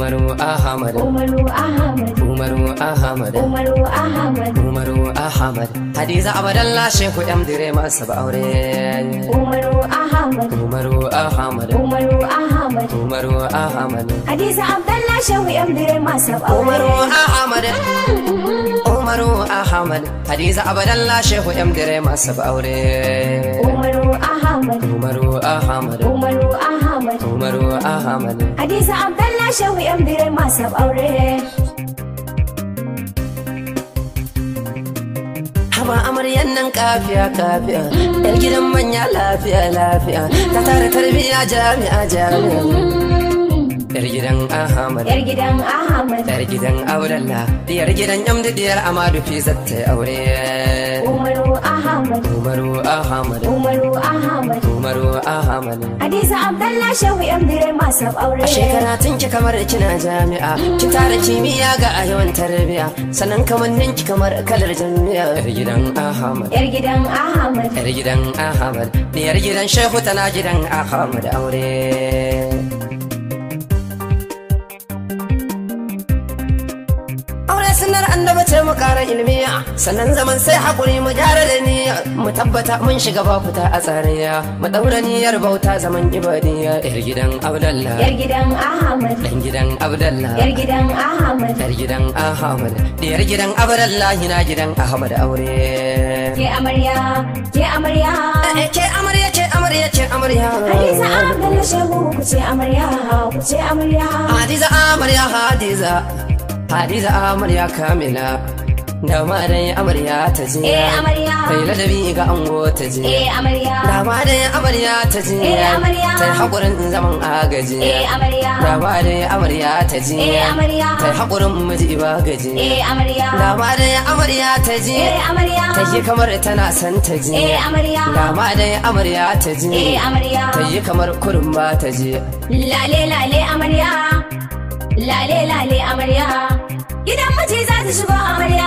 Umaru Ahmad Umaru Ahmad Umaru Ahmad Umaru Ahmad Umaru Ahmad Hadiza Abdallah Shehu yamdire Dire masa aure Umaru Ahmad Umaru Ahmad Umaru Ahmad Umaru Ahmad Hadiza Abdallah Shehu yamdire Dire masa aure Umaru Ahmad Umaru Ahmad Hadiza Abdalla Shehu M Dire masu aure Umaru Ahmad Umaru Ahmad Umaru Ahmad Umaru Ahmad Hadiza Abdalla Shehu M Dire masu aure Haba amaryan nan kafiya kafiya Yar gidan manya lafiya lafiya Ta tare tarbiya jami'a jami'a Yar gidan Ahmad. Yar gidan Ahmad. Yar gidan Auralla. Yar gidan Yamdu diyar Amadu fi zatta aure. Umaru Ahmad. Umaru Ahmad. Umaru Ahmad. Umaru Ahmad. Hadiza Abdallah Shehu Yamdu Mas'ab, aure. A shekara tun ki kamar kina jami'a. Ki tara kimiyya ga a yawan tarbiya. Sannan kamannin ki kamar kalar jami'a. Yar gidan Ahmad. Yar gidan Ahmad. Yar gidan Ahmad. Diyar gidan Shehu tana gidan Ahmad aure. lallai sunar annaba ce mu ƙara ilmiya sannan zaman sai haƙuri mu gyara da niyya mu tabbata mun shiga ba fita a tsariya mu ɗaura niyyar bauta zaman ibadiya yar gidan abdallah yar gidan ahmad dan gidan abdallah yar gidan ahmad yar gidan ahmad diyar gidan abdallah na gidan ahmad aure ke amarya ke amarya eh, eh, ke amarya ke amarya ke amarya hadiza abdallah shehu ku ce amarya ku ce amarya hadiza amarya hadiza Hadiza amarya kamila da madan dai amarya ta je eh amarya kai ladabi ga ango ta je eh amarya da madan dai amarya ta je eh amarya tai hakurin zaman agaji eh amarya da madan dai amarya ta je eh amarya tai hakurin miji ba gaji eh amarya da madan dai amarya ta je eh amarya ta yi kamar tana san ta je eh amarya da madan dai amarya ta je eh amarya ta yi kamar kurin ba ta je lale lale amarya lale lale amarya gidan mace za ta shigo amarya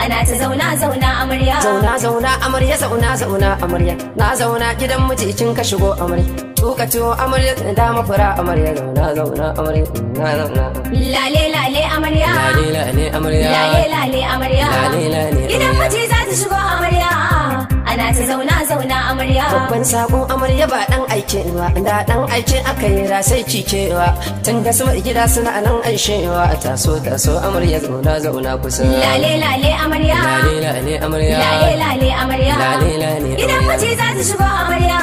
ana ta zauna zauna amarya zauna zauna amarya zauna zauna amarya na zauna gidan mace cin ka shigo amarya tuka tuwo amarya da dama fura amarya zauna zauna amarya na zauna lale lale amarya lale lale amarya lale lale amarya lale lale gidan mace za ta shigo amarya ana ta zauna zauna amarya babban sakon amarya ba dan aike ba da dan aike aka yi rasai kikewa tun da sama gida suna nan aishewa a taso taso amarya zauna zauna kusa lale lale amarya lale lale amarya lale lale amarya lale lale amarya. idan mace za ta shigo amarya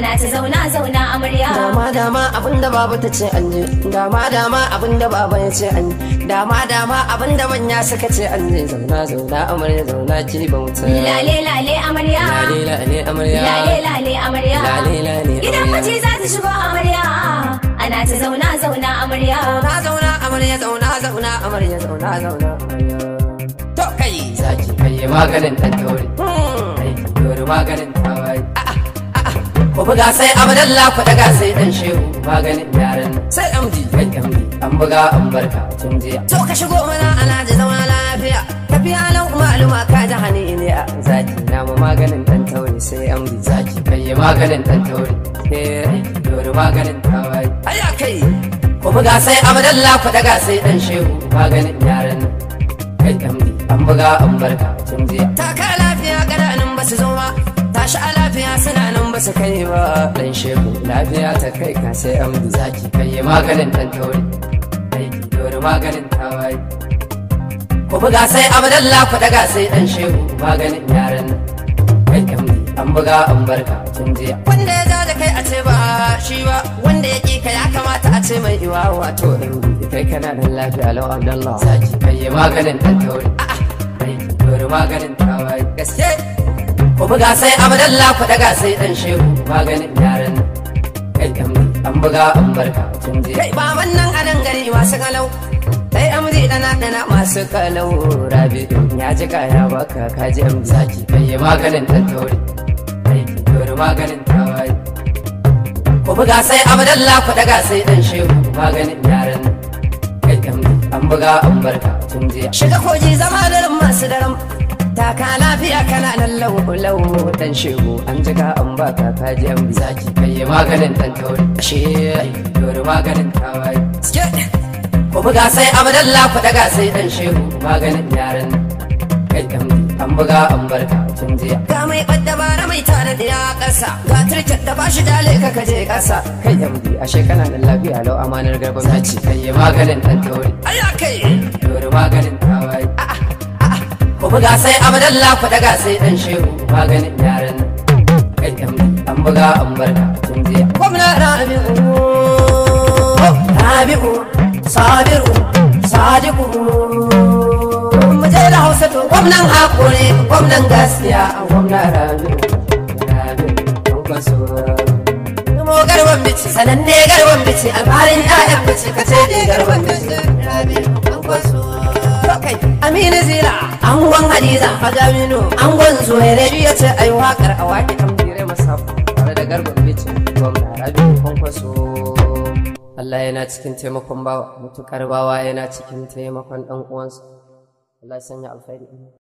na ta zauna zauna amarya dama dama da baba ta ce an yi dama dama da baba ya ce an dama dama dama da manya suka ce an yi zauna zauna amarya zauna ki bauta lale lale amarya lale lale amarya lale lale amarya lale lale gidan mace za ta shigo amarya ana ta zauna zauna amarya zauna zauna amarya zauna zauna amarya zauna zauna amarya to kai zaki kai maganin dan tauri hmm. kai maganin tawaye a'a ku buga sai abdalla ku daga sai dan shehu maganin yaran sai amji kai kambi an buga an barka tun jiya to ka shigo mana alhaji zama lafiya tafiya nan maluma ka ji hani ne a zaki na mu maganin dan tauri sai amji zaki kai maganin dan tauri eh dole maganin tawai aya kai ku buga sai abdalla ku daga sai dan shehu maganin yaran kai kambi an buga an barka tun jiya ta ka lafiya karanin basu zo ba tashi ala masa kai ba dan shehu lafiya ta kai ka sai an amdu zaki kai maganin dan tauri aiki dore maganin tawaye ku buga sai abdalla ku daga sai dan shehu maganin yaran nan kai amdu an buga an barka tun jiya wanda ya ja da kai a ce ba shi ba wanda ya ki ka ya kamata a ce mai iwa wato kai kana da lafiya lau abdalla zaki kai maganin dan tauri Aiki kai dore maganin tawaye gaske ku buga sai abdalla ku daga sai dan shehu maganin yaran kai kam an buga an barka tun je kai ba wannan anan gari masu kalau dai amri dana dana masu kalau rabi ya ji kaya baka ka ji am zaki kai maganin dan tauri kai ki dore maganin tawari ku buga sai abdalla ku daga sai dan shehu maganin yaran kai kam an buga an barka tun je shiga koji zama da masu daram taka lafiya kana nan lau dan shegu an jiga an baka kaji an bi zaki kai maganin dan kawai ashe dore maganin kawai ko buga sai abdallah ku daga sai dan shegu maganin yaran kai dan an buga an barka tun jiya ga mai badda bara mai tare da ya kasa ga turkin da shi dale ka kaje kasa kai yan bi ashe kana nan lafiya lau amanar garba Zaki kai maganin dan kawai aya kai dore maganin kawai ku buga sai abdalla ku daga sai dan shehu maganin yaran nan an buga an barka tun jiya gwamna rabi'u rabi'u sabiru sadiku mu je da hausa to gwamnan hakuri gwamnan gaskiya gwamna rabi'u rabi'u kaso. mu garwan bici sananne garwan bici alfarin ya'yan bici kace ne garwan bici rabi'u kaso. kai aminu zira angon hadiza a jaminu angon zuwaire shi ya ce yi wakar a wake kan bire tare da garba bici gwamna rabi kwankwaso Allah yana cikin taimakon bawa mutukar bawa yana cikin taimakon dan uwansa Allah sanya alfairi